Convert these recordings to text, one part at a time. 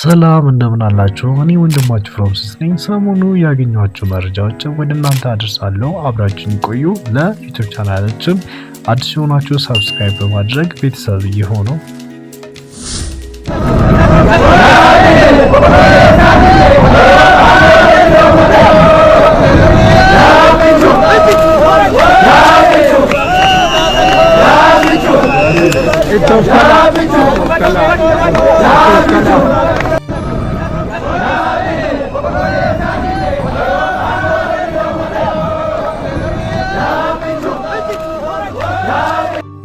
ሰላም እንደምን አላችሁ? እኔ ወንድማችሁ ፍሮምስስ ነኝ። ሰሞኑ ያገኘኋቸው መረጃዎችን ወደ እናንተ አድርሳለሁ። አብራችን ቆዩ። ለዩቱብ ቻናላችን አዲስ የሆናችሁ ሰብስክራይብ በማድረግ ቤተሰብ እየሆኑ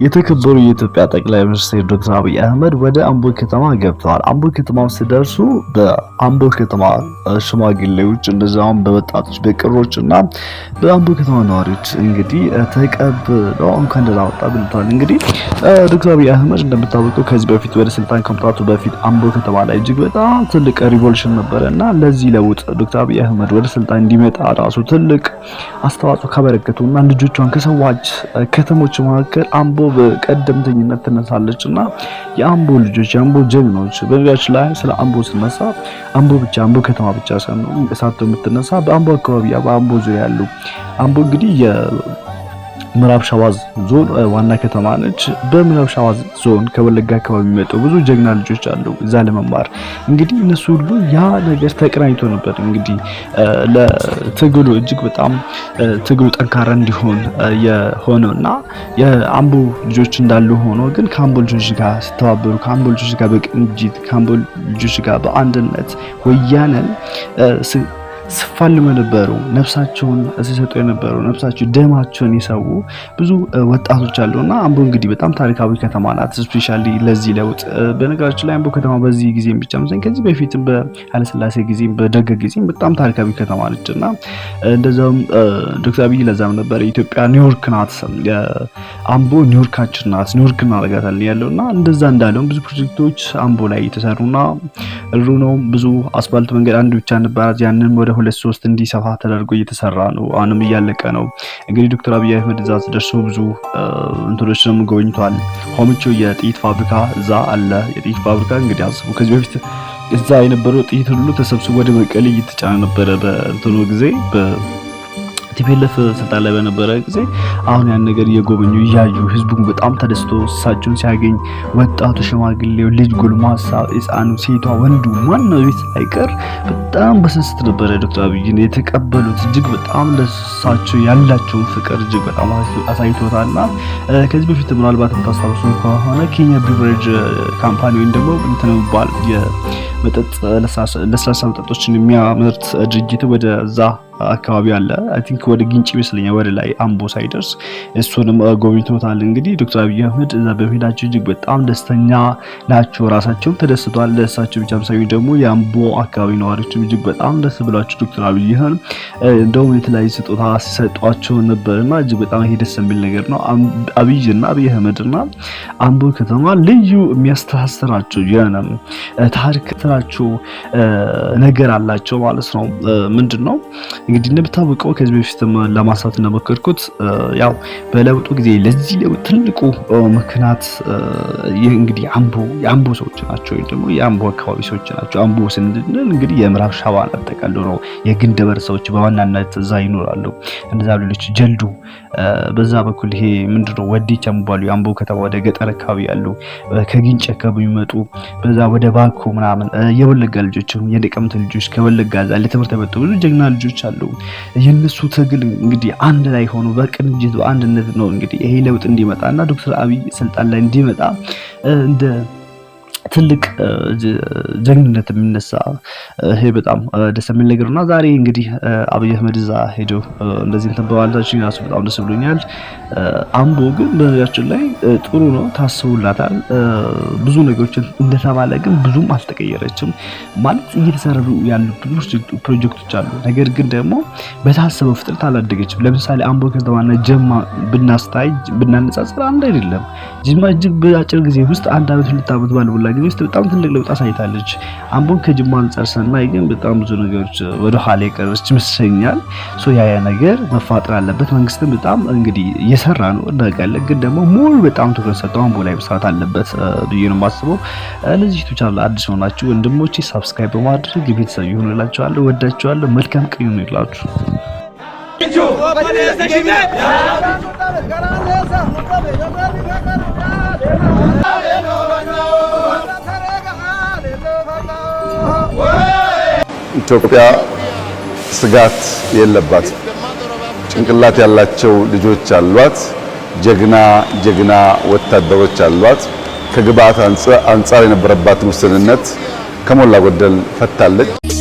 የተከበሩ የኢትዮጵያ ጠቅላይ ሚኒስትር ዶክተር አብይ አህመድ ወደ አምቦ ከተማ ገብተዋል። አምቦ ከተማም ሲደርሱ በአምቦ ከተማ ሽማግሌዎች እንደዚያውም በወጣቶች በቅሮች እና በአምቦ ከተማ ነዋሪዎች እንግዲህ ተቀብለው እንኳን ደህና መጣ እንግዲህ ዶክተር አብይ አህመድ እንደምታወቀው ከዚህ በፊት ወደ ስልጣን ከመምጣቱ በፊት አምቦ ከተማ ላይ እጅግ በጣም ትልቅ ሪቮሉሽን ነበረ እና ለዚህ ለውጥ ዶክተር አብይ አህመድ ወደ ስልጣን እንዲመጣ ራሱ ትልቅ አስተዋጽኦ ካበረከቱ እና ልጆቿን ከሰዋች ከተሞች መካከል አምቦ በቀደምተኝነት ትነሳለች እና የአምቦ ልጆች የአምቦ ጀግኖች በቢያች ላይ ስለ አምቦ ስነሳ አምቦ ብቻ አምቦ ከተማ ብቻ ሳትሆን የምትነሳ በአምቦ አካባቢ በአምቦ ዙሪያ ያሉ አምቦ እንግዲህ ምዕራብ ሸዋ ዞን ዋና ከተማ ነች። በምዕራብ ሸዋ ዞን ከወለጋ አካባቢ የሚመጡ ብዙ ጀግና ልጆች አሉ እዛ ለመማር እንግዲህ እነሱ ሁሉ ያ ነገር ተቀናኝቶ ነበር እንግዲህ ለትግሉ እጅግ በጣም ትግሉ ጠንካራ እንዲሆን የሆነው እና የአምቦ ልጆች እንዳሉ ሆኖ ግን ከአምቦ ልጆች ጋር ሲተባበሩ ከአምቦ ልጆች ጋር በቅንጅት ከአምቦ ልጆች ጋር በአንድነት ወያነን ሲፋለሙ የነበሩ ነፍሳቸውን ሲሰጡ የነበሩ ነፍሳቸው ደማቸውን የሰው ብዙ ወጣቶች አሉና አምቦ እንግዲህ በጣም ታሪካዊ ከተማ ናት። ስፔሻሊ ለዚህ ለውጥ በነገራችን ላይ አምቦ ከተማ በዚህ ጊዜ ብቻ መሰለኝ ከዚህ በፊትም በኃይለሥላሴ ጊዜ በደገ ጊዜም በጣም ታሪካዊ ከተማ ነች እና እንደዛውም ዶክተር አብይ ለዛም ነበር ኢትዮጵያ ኒውዮርክ ናት፣ አምቦ ኒውዮርካችን ናት፣ ኒውዮርክ እናደርጋታለን ያለው እና እንደዛ እንዳለውም ብዙ ፕሮጀክቶች አምቦ ላይ እና ሩ ነው ብዙ አስፋልት መንገድ አንድ ብቻ ነበራት ያንን ወደ ሁለት ሶስት እንዲሰፋ ተደርጎ እየተሰራ ነው። አሁንም እያለቀ ነው። እንግዲህ ዶክተር አብይ አህመድ እዛ ደርሶ ብዙ እንትኖችንም ጎብኝቷል። ሆምቾ የጥይት ፋብሪካ እዛ አለ። የጥይት ፋብሪካ እንግዲህ አስቡ ከዚህ በፊት እዛ የነበረው ጥይት ሁሉ ተሰብስቦ ወደ መቀሌ እየተጫነ ነበረ በእንትኑ ጊዜ ቲፒኤልኤፍ ስልጣን ላይ በነበረ ጊዜ አሁን ያን ነገር እየጎበኙ እያዩ ህዝቡ በጣም ተደስቶ እሳቸውን ሲያገኝ ወጣቱ፣ ሽማግሌው፣ ልጅ፣ ጎልማሳ፣ ህፃኑ፣ ሴቷ፣ ወንዱ ማነው ቤት ሳይቀር በጣም በስንስት ነበረ ዶክተር አብይን የተቀበሉት። እጅግ በጣም ለሳቸው ያላቸውን ፍቅር እጅግ በጣም አሳይቶታል እና ከዚህ በፊት ምናልባት የምታስታውሱ ከሆነ ኬንያ ቢቨሬጅ ካምፓኒ ወይም ደግሞ እንትን የመጠጥ ለስላሳ መጠጦችን የሚያመርት ድርጅት ወደዛ አካባቢ አለ። አይ ቲንክ ወደ ግንጭ ይመስለኛል ወደ ላይ አምቦ ሳይደርስ እሱንም uh, ጎብኝቶታል። እንግዲህ ዶክተር አብይ አህመድ እዛ በመሄዳቸው እጅግ በጣም ደስተኛ ናቸው። ራሳቸውም ተደስቷል። ደሳቸው ብቻ ሳይሆን ደግሞ የአምቦ አካባቢ ነዋሪዎችም እጅግ በጣም ደስ ብሏቸው ዶክተር አብይ ይህን እንደውም የተለያዩ ስጦታ ሲሰጧቸው ነበርና እና እጅግ በጣም ይሄ ደስ የሚል ነገር ነው። አብይ እና አብይ አህመድ እና አምቦ ከተማ ልዩ የሚያስተሳስራቸው የሆነ ታሪክ ስራቸው uh, ነገር አላቸው ማለት ነው uh, ምንድን ነው እንግዲህ እንደምታወቀው ከዚህ በፊትም ለማሳት እንደሞከርኩት ያው በለውጡ ጊዜ ለዚህ ለውጥ ትልቁ ምክንያት እንግዲህ አምቦ የአምቦ ሰዎች ናቸው፣ ወይም ደግሞ የአምቦ አካባቢ ሰዎች ናቸው። አምቦ ስንል እንግዲህ የምዕራብ ሸዋን አጠቃሎ ነው። የግንደበር ሰዎች በዋናነት እዛ ይኖራሉ። እንደዛ ሌሎች ጀልዱ በዛ በኩል ይሄ ምንድነው ወዴቻ የሚባሉ የአምቦ ከተማ ወደ ገጠር አካባቢ ያሉ ከግንጭ አካባቢ የሚመጡ በዛ ወደ ባኮ ምናምን የወለጋ ልጆች የነቀምት ልጆች ከወለጋ ዛ ለትምህርት የመጡ ብዙ ጀግና ልጆች አሉ። ይችላሉ። የነሱ ትግል እንግዲህ አንድ ላይ ሆኖ በቅንጅት በአንድነት ነው እንግዲህ ይሄ ለውጥ እንዲመጣና ዶክተር አብይ ስልጣን ላይ እንዲመጣ እንደ ትልቅ ጀግንነት የሚነሳ ይሄ በጣም ደስ የሚል ነገር እና ዛሬ እንግዲህ አብይ አህመድ እዛ ሄዶ እንደዚህ እንትን በማለታችን ራሱ በጣም ደስ ብሎኛል። አምቦ ግን በዙሪያችን ላይ ጥሩ ነው ታስቡላታል። ብዙ ነገሮችን እንደተባለ ግን ብዙም አልተቀየረችም። ማለት እየተሰሩ ያሉ ፕሮጀክቶች አሉ፣ ነገር ግን ደግሞ በታሰበው ፍጥነት አላደገችም። ለምሳሌ አምቦ ከተማና ጀማ ብናስታይ ብናነጻጽር አንድ አይደለም። ጅማ እጅግ በአጭር ጊዜ ውስጥ አንድ አመት ሁለት አመት ባልሞላ ግን ውስጥ በጣም ትልቅ ለውጥ አሳይታለች። አምቦን ከጅማ አንጻር ስናይ ግን በጣም ብዙ ነገሮች ወደ ኋላ የቀረች ይመስለኛል። ያ ነገር መፋጠር አለበት። መንግስትም በጣም እንግዲህ እየሰራ ነው እናውቃለን፣ ግን ደግሞ ሙሉ በጣም ትኩረት ሰጠው አምቦ ላይ መስራት አለበት ብዬ ነው የማስበው። ለዚህ ዩቱብ ቻናል አዲስ ሆናችሁ ወንድሞቼ ሳብስክራይብ በማድረግ ቤተሰብ ይሆንላችኋለሁ። ወዳችኋለሁ። መልካም ቀን ይሁንላችሁ። ኢትዮጵያ ስጋት የለባት። ጭንቅላት ያላቸው ልጆች አሏት። ጀግና ጀግና ወታደሮች አሏት። ከግብአት አንጻር የነበረባትን ውስንነት ከሞላ ጎደል ፈታለች።